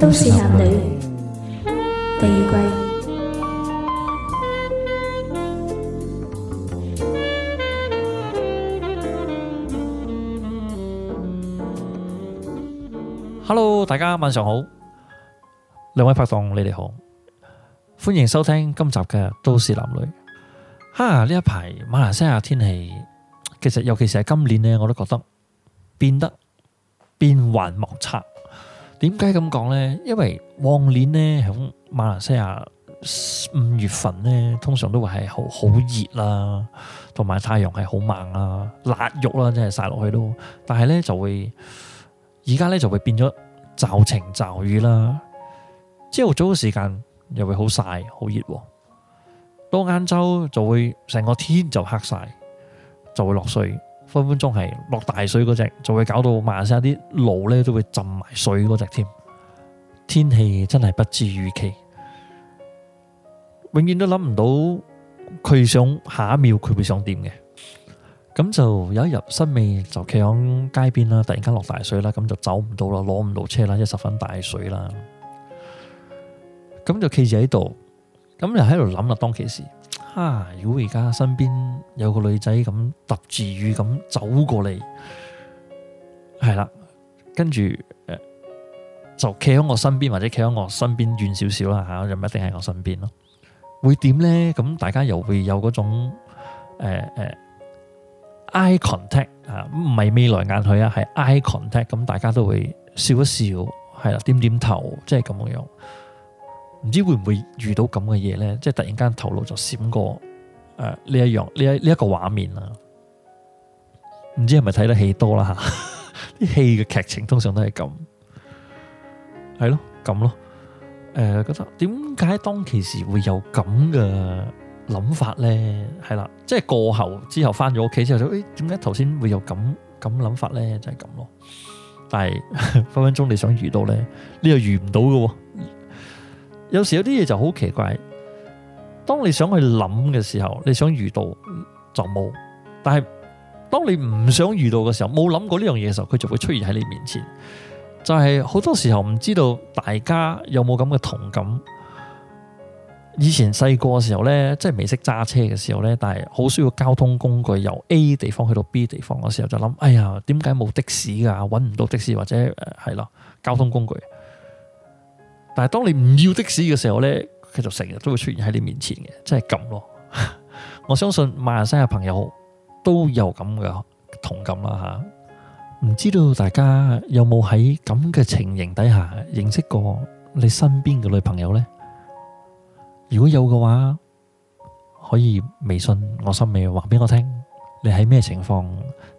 都市男女第二季。Hello，大家晚上好，兩位拍檔你哋好，歡迎收聽今集嘅都市男女。哈，呢一排馬來西亞天氣，其實尤其是喺今年呢，我都覺得變得變幻莫測。點解咁講咧？因為往年咧，喺馬來西亞五月份咧，通常都會係好好熱啦，同埋、啊、太陽係好猛啦、啊，辣肉啦、啊，真係曬落去都。但係咧就會，而家咧就會變咗驟晴驟雨啦。朝早嘅時間又會好曬好熱，到晏晝就會成個天就黑晒，就會落水。分分鐘係落大水嗰隻，就會搞到馬來西亞啲路咧都會浸埋水嗰隻添。天氣真係不知預期，永遠都諗唔到佢想下一秒佢會，會想點嘅。咁就有一日，森美就企響街邊啦，突然間落大水啦，咁就走唔到啦，攞唔到車啦，一十分大水啦，咁就企住喺度，咁又喺度諗啦，當其時。啊！如果而家身邊有個女仔咁揼住雨咁走過嚟，係啦，跟住誒、呃，就企喺我身邊或者企喺我身邊遠少少啦吓，又、啊、唔一定喺我身邊咯，會點咧？咁大家又會有嗰種誒誒、呃呃、eye contact 啊，唔係未來眼去啊，係 eye contact，咁、嗯、大家都會笑一笑，係啦，點點頭，即係咁樣，樣。唔知會唔會遇到咁嘅嘢咧？即係突然間頭腦就閃過誒呢、呃、一樣呢一呢一個畫面啦。唔知係咪睇得戲多啦吓？啲戲嘅劇情通常都係咁，係咯咁咯。誒、呃、覺得點解當其時會有咁嘅諗法咧？係啦，即係過後之後翻咗屋企之後就，誒點解頭先會有咁咁諗法咧？就係、是、咁咯。但係分分鐘你想遇到咧，呢個遇唔到嘅。有時有啲嘢就好奇怪，當你想去諗嘅時候，你想遇到就冇；但係當你唔想遇到嘅時候，冇諗過呢樣嘢嘅時候，佢就會出現喺你面前。就係、是、好多時候唔知道大家有冇咁嘅同感。以前細個嘅時候呢，即係未識揸車嘅時候呢，但係好需要交通工具由 A 地方去到 B 地方嘅時候，就諗：哎呀，點解冇的士㗎、啊？揾唔到的士或者係咯、呃、交通工具。但係當你唔要的士嘅時候咧，佢就成日都會出現喺你面前嘅，即係咁咯。我相信馬來西亞朋友都有咁嘅同感啦吓。唔知道大家有冇喺咁嘅情形底下認識過你身邊嘅女朋友咧？如果有嘅話，可以微信我森美話俾我聽，你喺咩情況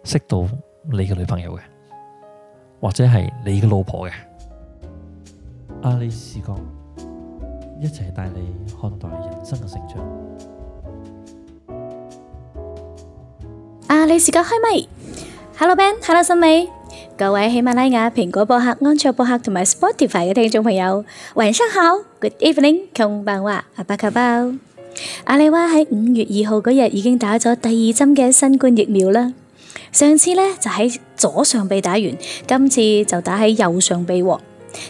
識到你嘅女朋友嘅，或者係你嘅老婆嘅。阿里視角一齊帶你看待人生嘅成長。阿里視角開咪，Hello Ben，Hello 森美，各位喜馬拉雅、蘋果播客、安卓播客同埋 Spotify 嘅聽眾朋友，晚上好，Good evening，窮辦話阿八球包，阿里娃喺五月二號嗰日已經打咗第二針嘅新冠疫苗啦，上次呢就喺左上臂打完，今次就打喺右上臂。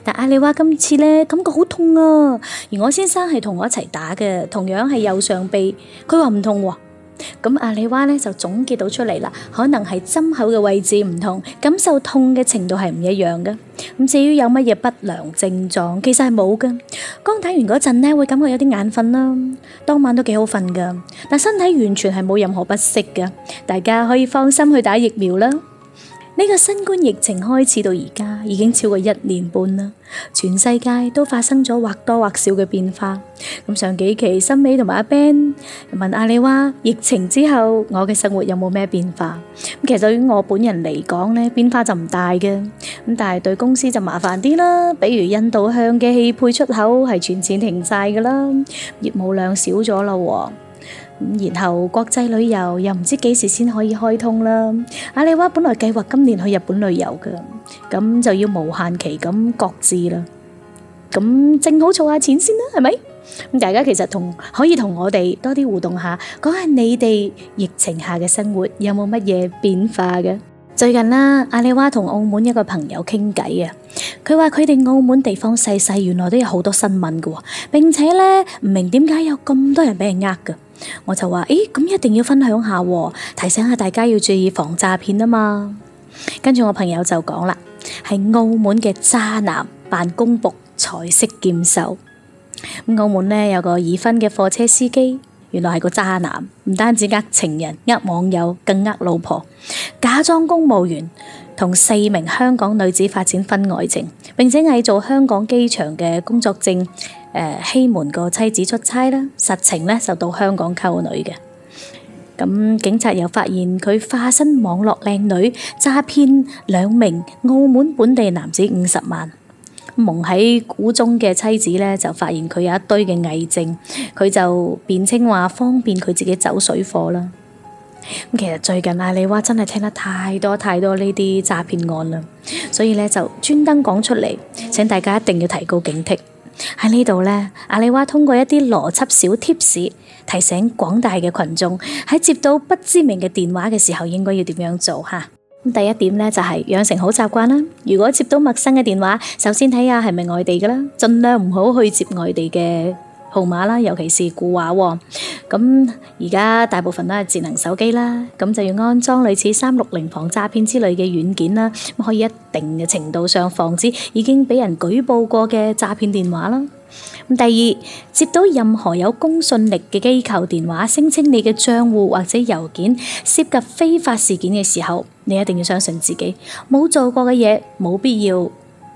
但阿里娃今次咧感覺好痛啊，而我先生係同我一齊打嘅，同樣係右上臂，佢話唔痛喎、啊。咁阿里娃咧就總結到出嚟啦，可能係針口嘅位置唔同，感受痛嘅程度係唔一樣嘅。咁至於有乜嘢不良症狀，其實係冇噶。剛打完嗰陣咧會感覺有啲眼瞓啦，當晚都幾好瞓噶，但身體完全係冇任何不適噶，大家可以放心去打疫苗啦。呢個新冠疫情開始到而家已經超過一年半啦，全世界都發生咗或多或少嘅變化。咁上幾期森美同埋阿 Ben 問阿里娃，疫情之後我嘅生活有冇咩變化？咁其實對於我本人嚟講咧，變化就唔大嘅。咁但係對公司就麻煩啲啦，比如印度向嘅汽配出口係全線停晒噶啦，業務量少咗啦。然後國際旅遊又唔知幾時先可以開通啦。阿里娃本來計劃今年去日本旅遊噶，咁就要無限期咁擱置啦。咁正好儲下錢先啦，係咪？咁大家其實同可以同我哋多啲互動下，講下你哋疫情下嘅生活有冇乜嘢變化嘅？最近啦，阿里娃同澳門一個朋友傾偈啊，佢話佢哋澳門地方細細，原來都有好多新聞噶，並且咧唔明點解有咁多人俾人呃噶。我就話，誒、欸，咁一定要分享下，提醒下大家要注意防詐騙啊嘛。跟住我朋友就講啦，係澳門嘅渣男扮公僕，財色兼收。澳門呢，有個已婚嘅貨車司機，原來係個渣男，唔單止呃情人、呃網友，更呃老婆，假裝公務員，同四名香港女子發展婚外情，並且偽造香港機場嘅工作證。誒，欺、呃、瞞個妻子出差啦，實情咧就到香港溝女嘅。咁警察又發現佢化身網絡靚女，詐騙兩名澳門本地男子五十萬。蒙喺鼓中嘅妻子咧，就發現佢有一堆嘅偽證，佢就辯稱話方便佢自己走水貨啦。咁其實最近啊，你話真係聽得太多太多呢啲詐騙案啦，所以咧就專登講出嚟，請大家一定要提高警惕。喺呢度呢，阿里娃通過一啲邏輯小貼士，提醒廣大嘅群眾，喺接到不知名嘅電話嘅時候應該要點樣做吓。第一點呢、就是，就係養成好習慣啦。如果接到陌生嘅電話，首先睇下係咪外地噶啦，盡量唔好去接外地嘅。號碼啦，尤其是固話，咁而家大部分都係智能手機啦，咁就要安裝類似三六零防詐騙之類嘅軟件啦，可以一定嘅程度上防止已經俾人舉報過嘅詐騙電話啦。咁第二，接到任何有公信力嘅機構電話，聲稱你嘅賬戶或者郵件涉及非法事件嘅時候，你一定要相信自己，冇做過嘅嘢冇必要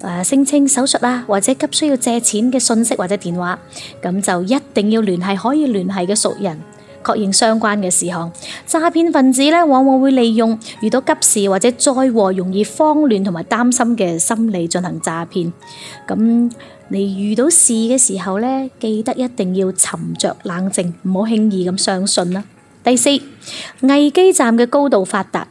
誒聲稱手術啊，或者急需要借錢嘅信息或者電話，咁就一定要聯繫可以聯繫嘅熟人，確認相關嘅事項。詐騙分子咧，往往會利用遇到急事或者災禍，容易慌亂同埋擔心嘅心理進行詐騙。咁你遇到事嘅時候咧，記得一定要沉著冷靜，唔好輕易咁相信啦。第四，偽基站嘅高度發達。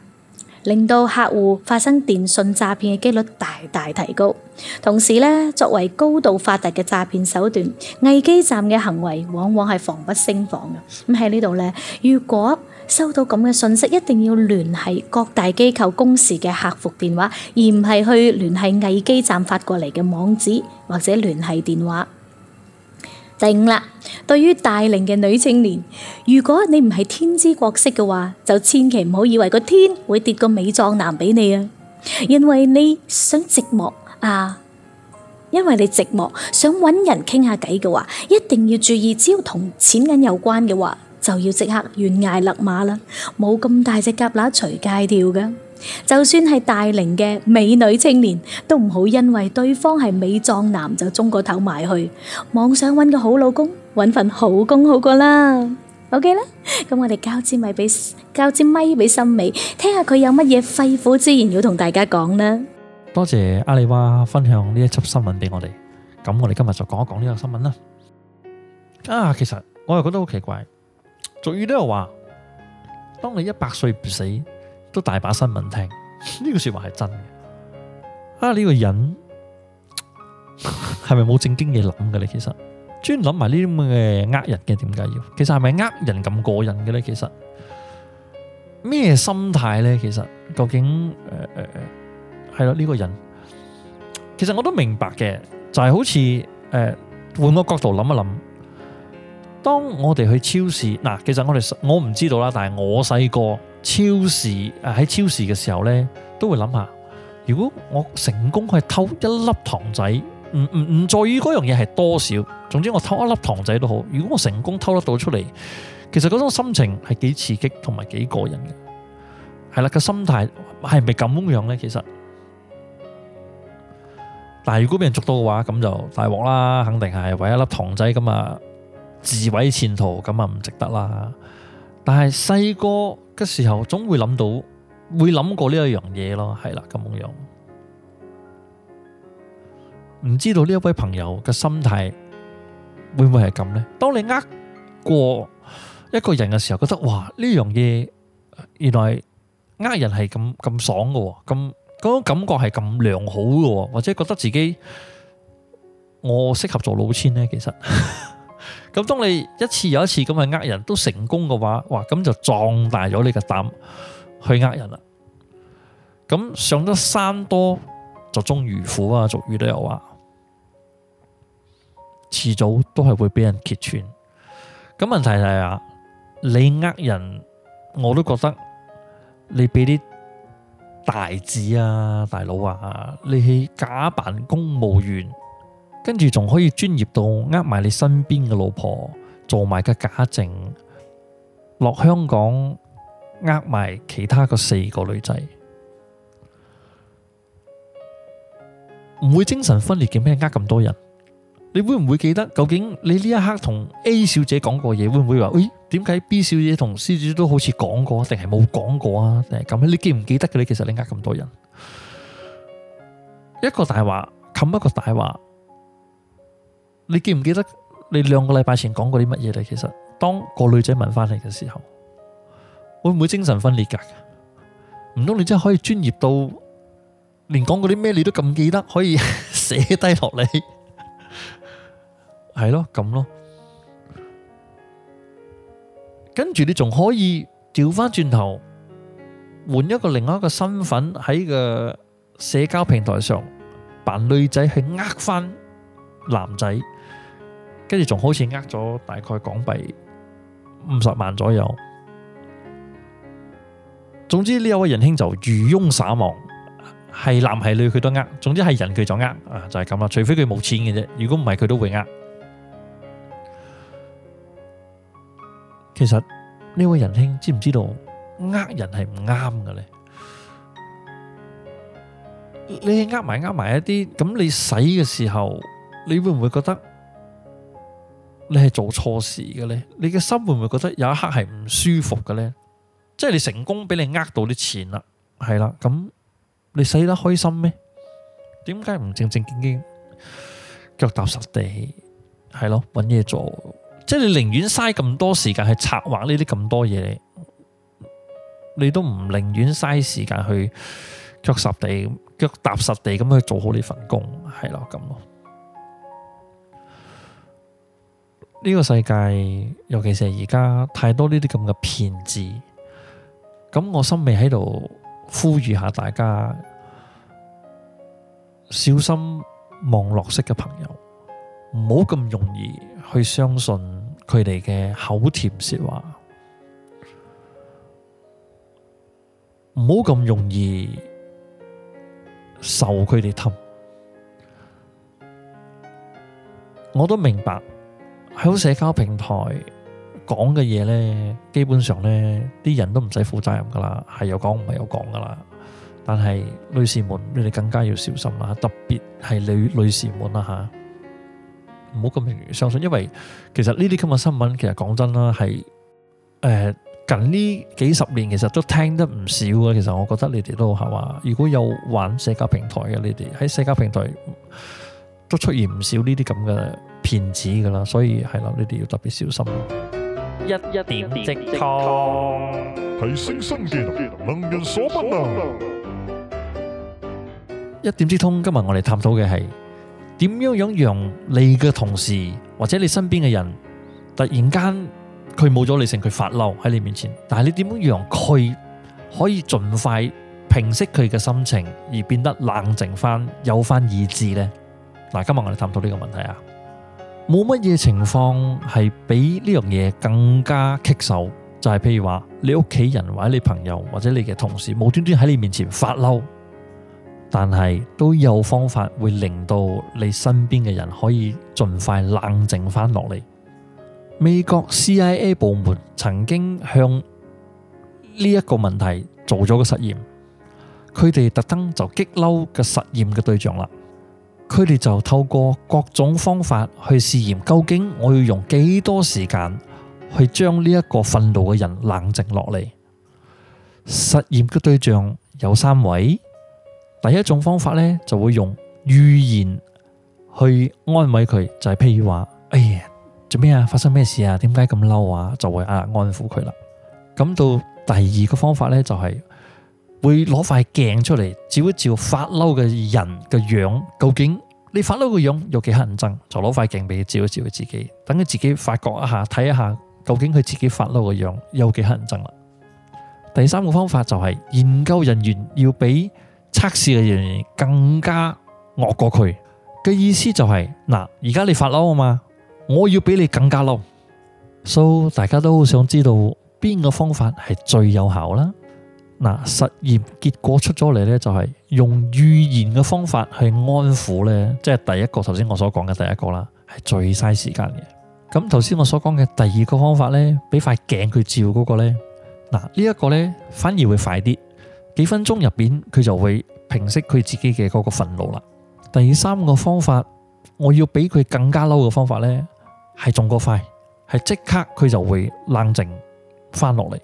令到客戶發生電信詐騙嘅機率大大提高，同時咧，作為高度發達嘅詐騙手段，偽基站嘅行為往往係防不勝防嘅。咁喺呢度咧，如果收到咁嘅信息，一定要聯繫各大機構公示嘅客服電話，而唔係去聯繫偽基站發過嚟嘅網址或者聯繫電話。定啦，對於大齡嘅女青年，如果你唔係天姿國色嘅話，就千祈唔好以為個天會跌個美壯男畀你啊！因為你想寂寞啊，因為你寂寞想搵人傾下偈嘅話，一定要注意，只要同錢銀有關嘅話，就要即刻懸崖勒馬啦，冇咁大隻蛤乸隨街跳噶。就算係大齡嘅美女青年，都唔好因為對方係美壯男就中個頭埋上去。妄想揾個好老公，揾份好工好過啦。OK 啦，咁我哋交支咪俾交支咪俾森美，聽下佢有乜嘢肺腑之言要同大家講呢？多謝阿里娃分享呢一輯新聞俾我哋。咁我哋今日就講一講呢個新聞啦。啊，其實我又覺得好奇怪，俗語都有話，當你一百歲不死，都大把新聞聽，呢個說話係真嘅。啊，呢個人係咪冇正經嘢諗嘅咧？其實專諗埋呢啲咁嘅呃人嘅，點解要？其實係咪呃人咁過癮嘅咧？其實咩心態咧？其實究竟誒誒係咯呢個人？其實我都明白嘅，就係好似誒換個角度諗一諗。當我哋去超市嗱，其實我哋我唔知道啦，但係我細個。超市，喺超市嘅時候呢，都會諗下，如果我成功去偷一粒糖仔，唔唔唔在意嗰樣嘢係多少，總之我偷一粒糖仔都好。如果我成功偷得到出嚟，其實嗰種心情係幾刺激同埋幾過癮嘅。係啦，個心態係咪咁樣呢？其實，但係如果俾人捉到嘅話，咁就大鑊啦，肯定係為一粒糖仔咁啊自毀前途，咁啊唔值得啦。但係細個嘅時候總會諗到，會諗過呢一樣嘢咯，係啦咁樣。唔知道呢一位朋友嘅心態會唔會係咁呢？當你呃過一個人嘅時候，覺得哇呢樣嘢原來呃人係咁咁爽嘅，咁嗰種感覺係咁良好嘅，或者覺得自己我適合做老千呢？其實。咁當你一次又一次咁去呃人都成功嘅話，哇！咁就壯大咗你嘅膽去呃人啦。咁、嗯、上咗山多就終遇虎啊，俗語都有話、啊，遲早都係會俾人揭穿。咁問題係啊，你呃人，我都覺得你俾啲大字啊、大佬啊，你去假扮公務員。跟住仲可以專業到呃埋你身邊嘅老婆，做埋個假證，落香港呃埋其他個四個女仔，唔 會精神分裂嘅咩？呃咁多人，你會唔會記得？究竟你呢一刻同 A 小姐講過嘢，會唔會話？誒、哎，點解 B 小姐同 C 小姐都好似講過，定係冇講過啊？定係咁？你記唔記得嘅？你其實你呃咁多人，一個大話冚一個大話。你記唔記得你兩個禮拜前講過啲乜嘢咧？其實當個女仔問翻你嘅時候，會唔會精神分裂噶？唔通你真係可以專業到連講過啲咩你都咁記得，可以寫低落嚟？係咯，咁咯。跟住你仲可以調翻轉頭，換一個另外一個身份喺個社交平台上扮女仔去呃翻男仔。跟住仲好似呃咗大概港幣五十萬左右，總之呢位仁兄就漁翁撒網，係男係女佢都呃，總之係人佢就呃，啊，就係咁啦。除非佢冇錢嘅啫，如果唔係佢都會呃。其實呢位仁兄知唔知道呃人係唔啱嘅咧？你呃埋呃埋一啲，咁你使嘅時候，你會唔會覺得？你係做錯事嘅咧？你嘅心會唔會覺得有一刻係唔舒服嘅咧？即係你成功俾你呃到啲錢啦，係啦，咁你使得開心咩？點解唔正正經經腳踏實地係咯？搵嘢做，即係你寧願嘥咁多時間去策劃呢啲咁多嘢，你都唔寧願嘥時間去腳實地、腳踏實地咁去做好呢份工，係咯，咁咯。呢個世界，尤其是而家太多呢啲咁嘅騙子，咁我心裡喺度呼籲下大家，小心網絡識嘅朋友，唔好咁容易去相信佢哋嘅口甜說話，唔好咁容易受佢哋氹，我都明白。喺社交平台講嘅嘢咧，基本上咧，啲人都唔使負責任噶啦，係有講唔係有講噶啦。但係女士們，你哋更加要小心啦，啊，特別係女女士們啦，啊，吓，唔好咁容易相信，因為其實呢啲咁嘅新聞，其實講真啦，係誒近呢幾十年，其實都聽得唔少嘅。其實我覺得你哋都係話，如果有玩社交平台嘅，你哋喺社交平台都出現唔少呢啲咁嘅。騙子噶啦，所以係啦，你哋要特別小心。一一點即通，提升心嘅，能人所不能。一點即通，今日我哋探討嘅係點樣樣，讓你嘅同事或者你身邊嘅人突然間佢冇咗理性，佢發嬲喺你面前，但係你點樣讓佢可以盡快平息佢嘅心情，而變得冷靜翻，有翻意志呢？嗱，今日我哋探討呢個問題啊！冇乜嘢情況係比呢樣嘢更加棘手，就係譬如話你屋企人或者你朋友或者你嘅同事無端端喺你面前發嬲，但係都有方法會令到你身邊嘅人可以盡快冷靜翻落嚟。美國 CIA 部門曾經向呢一個問題做咗個實驗，佢哋特登就激嬲嘅實驗嘅對象啦。佢哋就透過各種方法去試驗，究竟我要用幾多時間去將呢一個憤怒嘅人冷靜落嚟？實驗嘅對象有三位。第一種方法呢，就會用語言去安慰佢，就係譬如話：哎呀，做咩啊？發生咩事啊？點解咁嬲啊？就會啊安撫佢啦。咁到第二個方法呢，就係。會攞塊鏡出嚟照一照發嬲嘅人嘅樣，究竟你發嬲個樣有幾乞人憎？就攞塊鏡俾佢照一照佢自己，等佢自己發覺一下，睇一下究竟佢自己發嬲嘅樣有幾乞人憎。第三個方法就係、是、研究人員要比測試嘅人員更加惡過佢嘅意思就係、是、嗱，而家你發嬲啊嘛，我要俾你更加嬲。So，大家都好想知道邊個方法係最有效啦。嗱，實驗結果出咗嚟咧，就係用語言嘅方法去安撫咧，即係第一個，頭先我所講嘅第一個啦，係最嘥時間嘅。咁頭先我所講嘅第二個方法咧，俾塊鏡佢照嗰個咧，嗱呢一個咧反而會快啲，幾分鐘入邊佢就會平息佢自己嘅嗰個憤怒啦。第三個方法，我要俾佢更加嬲嘅方法咧，係仲過快，係即刻佢就會冷靜翻落嚟。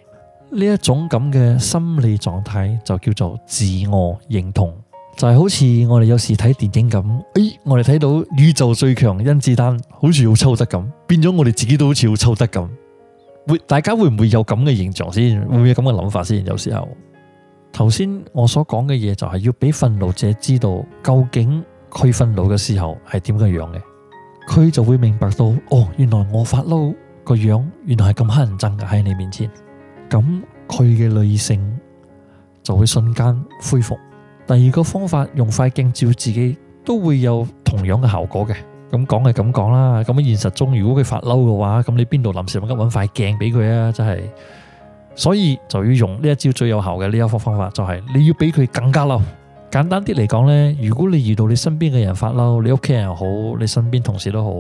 呢一種咁嘅心理狀態就叫做自我認同，就係好似我哋有時睇電影咁，誒，我哋睇到宇宙最強甄子丹好似好抽得咁，變咗我哋自己都好似好抽得咁。會大家會唔會有咁嘅現象先？會唔會有咁嘅諗法先？有時候頭先我所講嘅嘢就係要俾憤怒者知道，究竟佢憤怒嘅時候係點嘅樣嘅，佢就會明白到哦，原來我發嬲個樣，原來係咁乞人憎㗎喺你面前。咁佢嘅理性就會瞬間恢復。第二個方法，用塊鏡照自己都會有同樣嘅效果嘅。咁講係咁講啦，咁喺現實中如果佢發嬲嘅話，咁你邊度臨時揾急揾塊鏡俾佢啊？真係，所以就要用呢一招最有效嘅呢一方法，就是，就係你要俾佢更加嬲。簡單啲嚟講呢，如果你遇到你身邊嘅人發嬲，你屋企人又好，你身邊同事都好，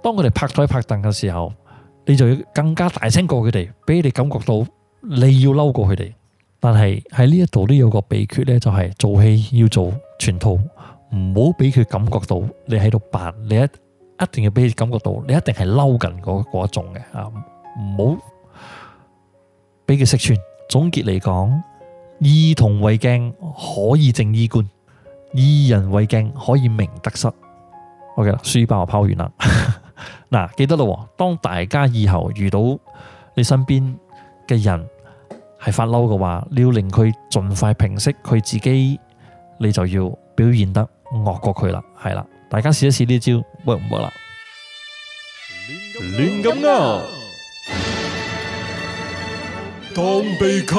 當佢哋拍台拍凳嘅時候，你就要更加大聲過佢哋，俾你感覺到。你要嬲過佢哋，但係喺呢一度都有個秘訣咧，就是，就係做戲要做全套，唔好俾佢感覺到你喺度扮，你一一定要俾佢感覺到你一定係嬲緊嗰嗰一種嘅啊，唔好俾佢識穿。總結嚟講，以銅為鏡可以正衣冠，以人為鏡可以明得失。OK 啦，書包我拋完啦，嗱， 啊、記得咯，當大家以後遇到你身邊，嘅人係發嬲嘅話，你要令佢盡快平息佢自己，你就要表現得惡過佢啦，係啦。大家試一試呢招，work 唔 work 啦。亂咁啊！當被曲，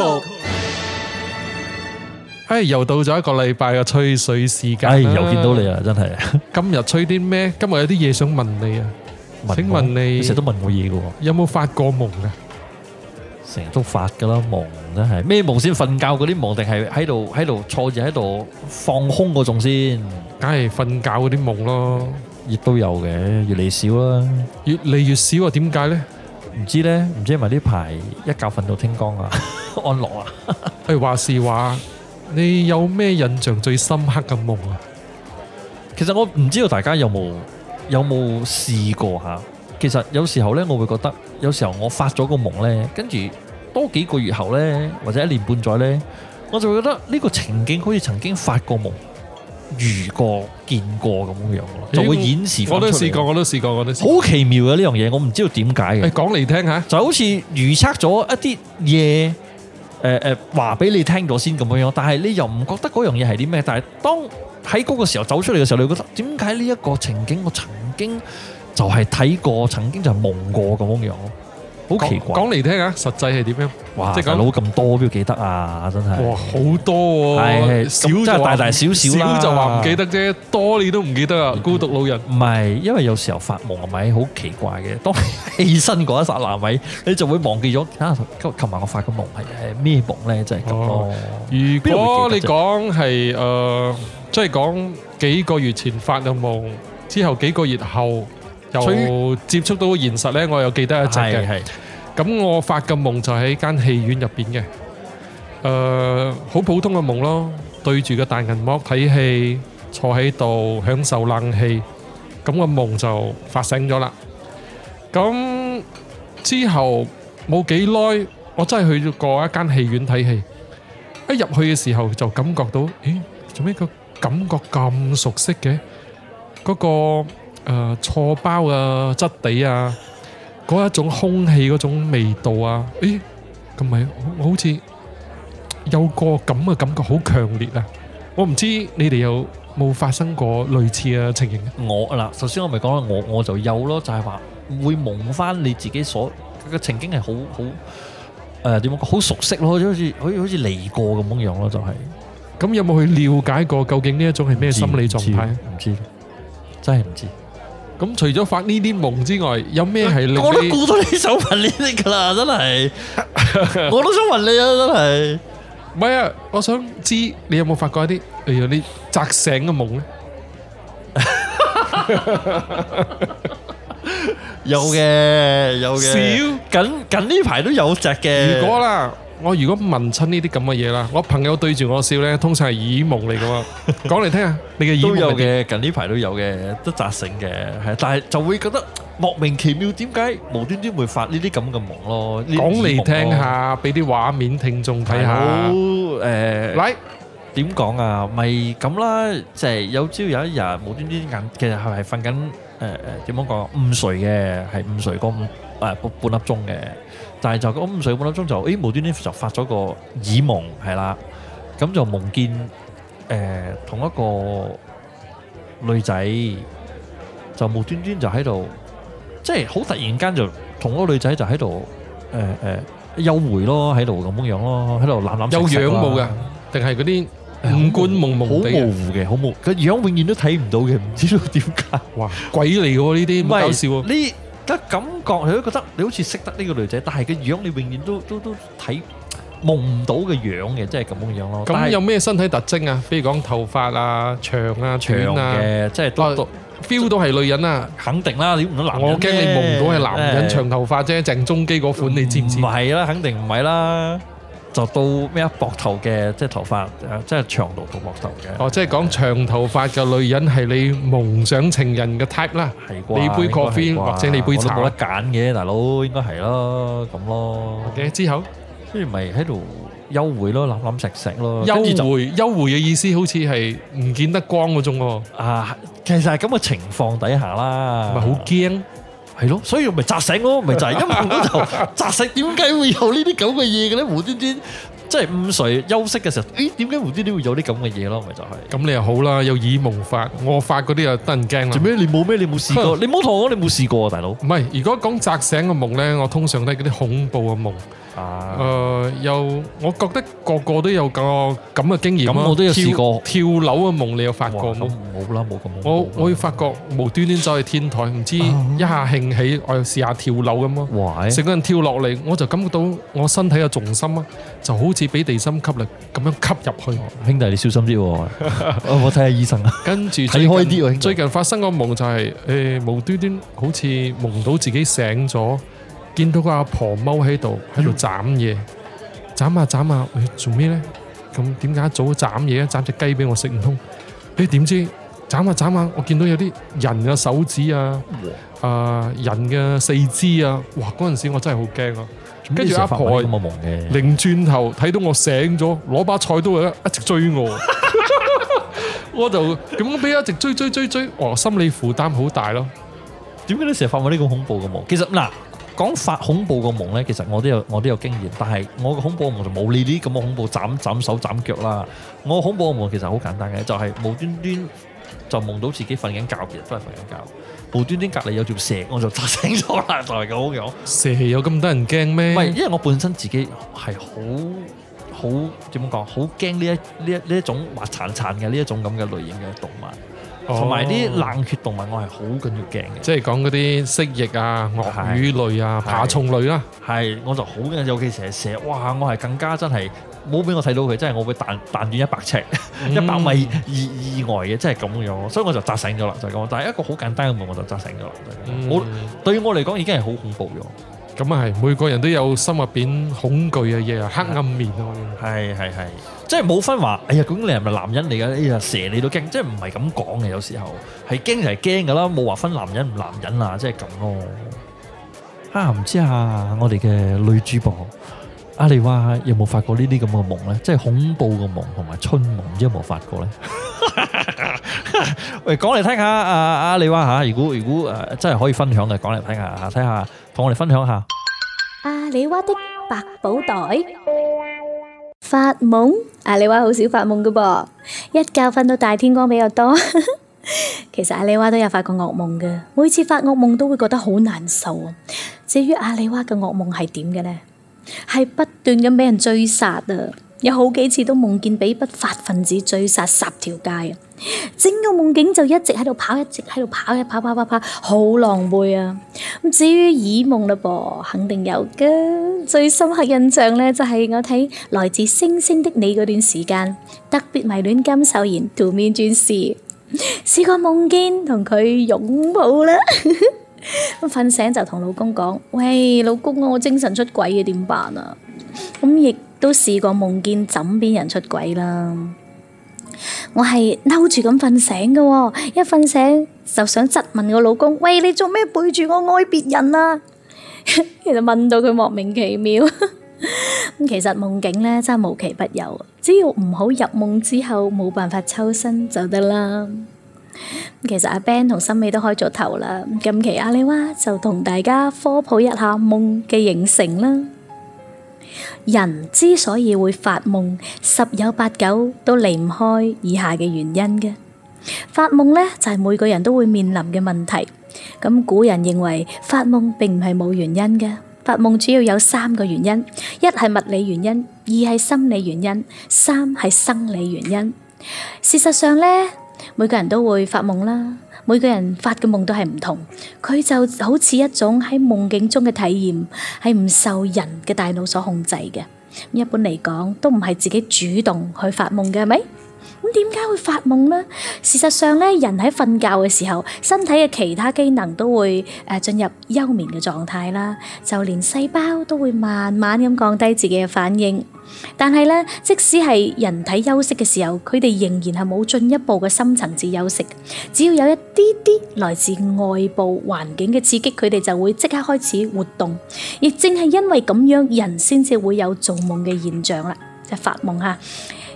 哎，又到咗一個禮拜嘅吹水時間啦。哎，又見到你啊，真係。今日吹啲咩？今日有啲嘢想問你啊，請問你成日都問我嘢嘅喎，有冇發過夢啊？成日都發噶啦夢，真係咩夢先？瞓覺嗰啲夢，定係喺度喺度坐住喺度放空嗰種先？梗係瞓覺嗰啲夢咯，亦都有嘅，越嚟少啦。越嚟越少啊？點解咧？唔知咧，唔知因為呢排一覺瞓到天光啊？ 安樂啊？誒 話是話，你有咩印象最深刻嘅夢啊？ 其實我唔知道大家有冇有冇試過吓。其實有時候呢，我會覺得有時候我發咗個夢呢，跟住多幾個月後呢，或者一年半載呢，我就會覺得呢個情景好似曾經發過夢、遇過、見過咁樣樣、欸、就會演示。我都試過，我都試過，我都好奇妙嘅呢樣嘢，我唔知道點解嘅。講嚟、欸、聽下，就好似預測咗一啲嘢，誒、呃、誒、話、呃、俾你聽咗先咁樣樣，但係你又唔覺得嗰樣嘢係啲咩？但係當喺嗰個時候走出嚟嘅時候，你會覺得點解呢一個情景我曾經？就係睇過，曾經就夢過咁樣，好奇怪。講嚟聽下，實際係點樣？哇！大佬咁多，邊記得啊，真係。哇，好多喎、啊，係係、哎，少真係大大小小啦，少就話唔記得啫。多你都唔記得啊，《孤獨老人》嗯。唔係，因為有時候發夢咪好奇怪嘅，當起身嗰一剎那位，你就會忘記咗。睇下，琴晚我發個夢係係咩夢咧？就係咁咯。如果你講係誒，即、呃、係、就係、講幾個月前發嘅夢，之後幾個月後，又接觸到現實呢，我又記得一隻嘅。咁我發嘅夢就喺間戲院入邊嘅。誒，好普通嘅夢咯，對住個大銀幕睇戲，坐喺度享受冷氣。咁個夢就發醒咗啦。咁之後冇幾耐，我真係去過一間戲院睇戲。一入去嘅時候就感覺到，咦，做咩個感覺咁熟悉嘅？嗰個。誒，錯、呃、包嘅、啊、質地啊，嗰一種空氣嗰種味道啊，誒，咁咪我好似有個咁嘅感覺，好強烈啊！我唔知你哋有冇發生過類似嘅情形？我嗱，首先我咪講下我我就有咯，就係、是、話會夢翻你自己所嘅情景係好好誒，點講好、呃、熟悉咯，好似好似好似嚟過咁樣樣咯、就是，就係咁，有冇去了解過究竟呢一種係咩心理狀態？唔知、知、知、知，真係唔知。咁除咗發呢啲夢之外，有咩係你？我都估到你想問呢啲噶啦，真係，我都想問你啊，真係。唔係啊，我想知你有冇發過一啲，哎呀，啲扎醒嘅夢咧？有嘅，有嘅。少，近近呢排都有只嘅。如果啦。我如果問親呢啲咁嘅嘢啦，我朋友對住我笑咧，通常係耳夢嚟噶嘛。講嚟聽下， 你嘅耳夢都有嘅，近呢排都有嘅，都扎醒嘅。係，但係就會覺得莫名其妙，點解無端端會發呢啲咁嘅夢咯？講嚟聽下，俾啲畫面聽眾睇下。好誒，嚟點講啊？咪咁啦，即係有朝有一日無端端眼，其實係係瞓緊，誒誒，點樣講午睡嘅，係、呃、午睡嗰半粒鐘嘅。但係就咁午睡，半粒鐘就，誒無端端就發咗個耳夢，係啦，咁就夢見誒同一個女仔，就無端端就喺度，即係好突然間就同嗰個女仔就喺度，誒誒幽會咯，喺度咁樣咯，喺度冷冷。有樣冇㗎，定係嗰啲五官朦朦好模糊嘅，好模糊，個樣永遠都睇唔到嘅，唔知道點解。哇！鬼嚟喎呢啲，唔係搞笑喎呢？而家感覺佢都覺得你好似識得呢個女仔，但係個樣你永遠都都都睇夢唔到嘅樣嘅，即係咁樣樣咯。咁是有咩身體特徵啊？譬如講頭髮啊，長啊，長的短，短啊，即係 feel 都到係女人啊？肯定啦，你唔到男人我驚你夢唔到係男人長頭髮啫。鄭的中基嗰款你知唔知？唔係啦，肯定唔係啦。就到咩啊？膊頭嘅，即係頭髮，誒即係長度同膊頭嘅。哦，即係講長頭髮嘅女人係你夢想情人嘅 type 啦吧。係你杯 coffee 或者你杯茶冇得揀嘅，大佬應該係咯，咁咯。嘅之後，即係咪喺度幽會咯，諗諗食食咯。幽會幽會嘅意思好似係唔見得光嗰種喎、啊。啊，其實係咁嘅情況底下啦，咪好驚。係咯，所以咪扎醒咯，咪就係，一無頭扎醒，點解會有呢啲咁嘅嘢嘅咧？無端端。即係午睡休息嘅時候，咦？點解無端端會有啲咁嘅嘢咯？咪就係。咁你又好啦，有耳夢發、我發嗰啲又得人驚啦。做咩？你冇咩？你冇試過？你冇同我？你冇試過啊，大佬？唔係，如果講扎醒嘅夢咧，我通常都係嗰啲恐怖嘅夢。啊。誒，又我覺得個個都有個咁嘅經驗。咁我都有試過。跳樓嘅夢你有發過冇？冇啦，冇咁。我我會發覺無端端走去天台，唔知一下興起，我又試下跳樓咁咯。成個人跳落嚟，我就感覺到我身體嘅重心啊，就好。好似俾地心吸力咁樣吸入去。兄弟你小心啲喎！我睇下醫生啊。跟住睇開啲喎，最近發生個夢就係誒無端端好似夢到自己醒咗，見到個阿婆踎喺度喺度斬嘢，斬下斬下，做咩咧？咁點解一早斬嘢？斬隻雞俾我食唔通？誒點知斬下斬下，我見到有啲人嘅手指啊！啊、呃！人嘅四肢啊，哇！嗰陣時我真係好驚啊！跟住阿婆零轉頭睇到我醒咗，攞把菜刀一直追我， 我就咁俾一直追，追追追追，哇！心理負擔好大咯、啊。點解你成日發我呢個恐怖嘅夢，其實嗱講發恐怖嘅夢咧，其實我都有我都有經驗，但係我嘅恐怖夢就冇你啲咁嘅恐怖，斬斬手斬腳啦。我恐怖夢其實好簡單嘅，就係、是、無端端。就夢到自己瞓緊覺，其實都係瞓緊覺，無端端隔離有條蛇，我就發醒咗啦，就係咁樣。哈哈，蛇有咁多人驚咩？唔係，因為我本身自己係好，好點講，好驚呢一呢一呢一種滑潺潺嘅呢一種咁嘅類型嘅動物，同埋啲冷血動物，我係好緊要驚嘅。即係講嗰啲蜥蜴啊、鱷魚類啊、是爬蟲類啦、啊，係我就好驚，尤其係蛇，哇！我係更加真係。冇俾我睇到佢，真係我會彈彈遠一百尺、一百米意意外嘅，即係咁樣，所以我就扎醒咗啦，就係咁。但係一個好簡單嘅夢，我就扎醒咗啦。我對我嚟講已經係好恐怖咗。咁啊係，每個人都有心入邊恐懼嘅嘢，黑暗面咯。係係係，即係冇分話。哎呀，咁你係咪男人嚟噶？呢啲蛇你都驚，即係唔係咁講嘅？有時候係驚就係驚噶啦，冇話分男人唔男人啊，即係咁咯。嚇唔知啊？我哋嘅女主播。阿里娃有冇發,發過呢啲咁嘅夢呢？即係恐怖嘅夢同埋春夢，有冇發過呢？喂，講嚟聽下、啊，阿阿里娃吓，如果如果、啊、真係可以分享嘅，講嚟聽,聽看看下，睇下同我哋分享下。阿里娃的百寶袋，發夢？阿里娃好少發夢嘅噃，一覺瞓到大天光比較多。 其實阿里娃都有發過噩夢嘅，每次發噩夢都會覺得好難受。至於阿里娃嘅噩夢係點嘅呢？係不斷咁畀人追殺啊！有好幾次都夢見畀不法分子追殺十條街啊！整個夢境就一直喺度跑，一直喺度跑，跑，跑跑跑跑，好狼狽啊！咁至於耳夢嘞噃，肯定有嘅。最深刻印象咧，就係我睇《來自星星的你》嗰段時間，特別迷戀金秀賢、都敏俊氏，試 過夢見同佢擁抱啦。 瞓醒就同老公講，喂，老公我精神出軌嘅點辦啊？咁亦都試過夢見枕邊人出軌啦，我係嬲住咁瞓醒嘅，一瞓醒就想質問我老公，喂，你做咩背住我愛別人啊？其 實問到佢莫名其妙。咁 其實夢境咧真係無奇不有，只要唔好入夢之後冇辦法抽身就得啦。其實阿 Ben 同森美都開咗頭啦，近期阿里娃就同大家科普一下夢嘅形成啦。人之所以會發夢，十有八九都離唔開以下嘅原因嘅。發夢呢就係每個人都會面臨嘅問題。咁古人認為發夢並唔係冇原因嘅，發夢主要有三個原因：一係物理原因，二係心理原因，三係生理原因。事實上呢。每個人都會發夢啦，每個人發嘅夢都係唔同，佢就好似一種喺夢境中嘅體驗，係唔受人嘅大腦所控制嘅。一般嚟講，都唔係自己主動去發夢嘅，係咪？咁點解會發夢呢？事實上咧，人喺瞓覺嘅時候，身體嘅其他機能都會誒進入休眠嘅狀態啦，就連細胞都會慢慢咁降低自己嘅反應。但係咧，即使係人體休息嘅時候，佢哋仍然係冇進一步嘅深層次休息。只要有一啲啲來自外部環境嘅刺激，佢哋就會即刻開始活動。亦正係因為咁樣，人先至會有做夢嘅現象啦。就發夢嚇，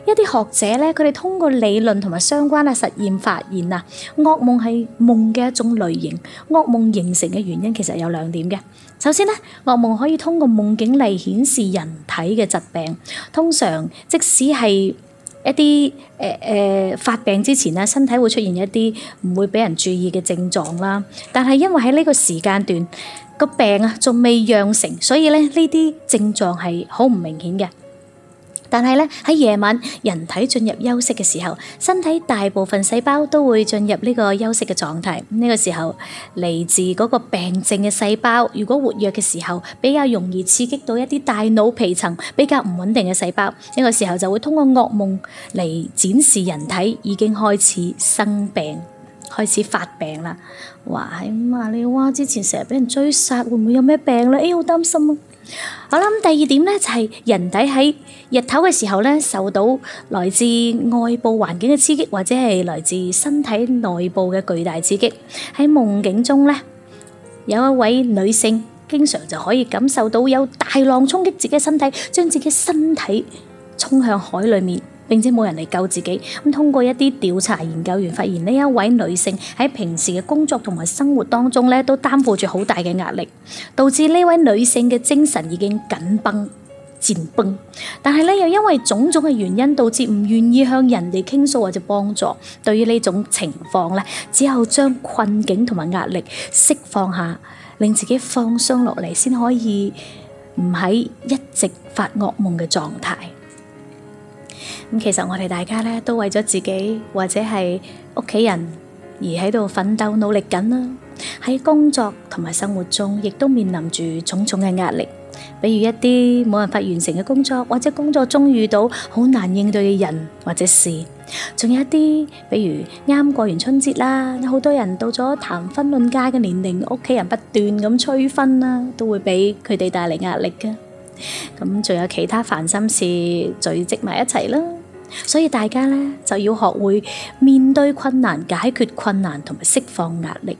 一啲學者咧，佢哋通過理論同埋相關嘅實驗發現啊，噩夢係夢嘅一種類型。噩夢形成嘅原因其實有兩點嘅。首先咧，噩夢可以通過夢境嚟顯示人體嘅疾病。通常即使係一啲誒誒發病之前咧，身體會出現一啲唔會俾人注意嘅症狀啦。但係因為喺呢個時間段個病啊仲未釀成，所以咧呢啲症狀係好唔明顯嘅。但係咧，喺夜晚，人體進入休息嘅時候，身體大部分細胞都會進入呢個休息嘅狀態。呢個時候，嚟自嗰個病症嘅細胞，如果活躍嘅時候，比較容易刺激到一啲大腦皮層比較唔穩定嘅細胞。呢個時候就會通過噩夢嚟展示人體已經開始生病，開始發病啦。話你個娃之前成日俾人追殺，會唔會有咩病呢？誒、哎，好擔心啊！好啦，咁第二點呢，就係、是、人體喺日頭嘅時候呢，受到來自外部環境嘅刺激，或者係來自身體內部嘅巨大刺激。喺夢境中呢，有一位女性經常就可以感受到有大浪衝擊自己嘅身體，將自己身體衝向海裡面。並且冇人嚟救自己。咁通過一啲調查研究員發現，呢一位女性喺平時嘅工作同埋生活當中咧，都擔負住好大嘅壓力，導致呢位女性嘅精神已經緊繃、漸崩。但係咧，又因為種種嘅原因，導致唔願意向人哋傾訴或者幫助。對於呢種情況咧，只有將困境同埋壓力釋放下，令自己放鬆落嚟，先可以唔喺一直發噩夢嘅狀態。咁其實我哋大家咧都為咗自己或者係屋企人而喺度奮鬥努力緊啦，喺工作同埋生活中亦都面臨住重重嘅壓力，比如一啲冇辦法完成嘅工作，或者工作中遇到好難應對嘅人或者事，仲有一啲，比如啱過完春節啦，有好多人到咗談婚論嫁嘅年齡，屋企人不斷咁催婚啦，都會俾佢哋帶嚟壓力噶。咁仲有其他煩心事聚集埋一齊啦，所以大家咧就要學會面對困難、解決困難同埋釋放壓力，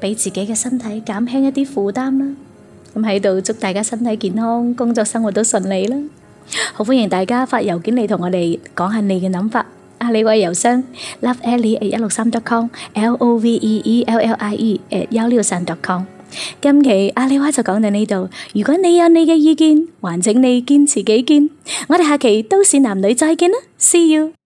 俾自己嘅身體減輕一啲負擔啦。咁喺度祝大家身體健康、工作生活都順利啦。好歡迎大家發郵件嚟同我哋講下你嘅諗法，阿里娃郵箱 loveellie@163.com，L O V E E L L I E@163.com。今期阿里娃就講到呢度，如果你有你嘅意見，還請你堅持己見。我哋下期都市男女再見啦，See you！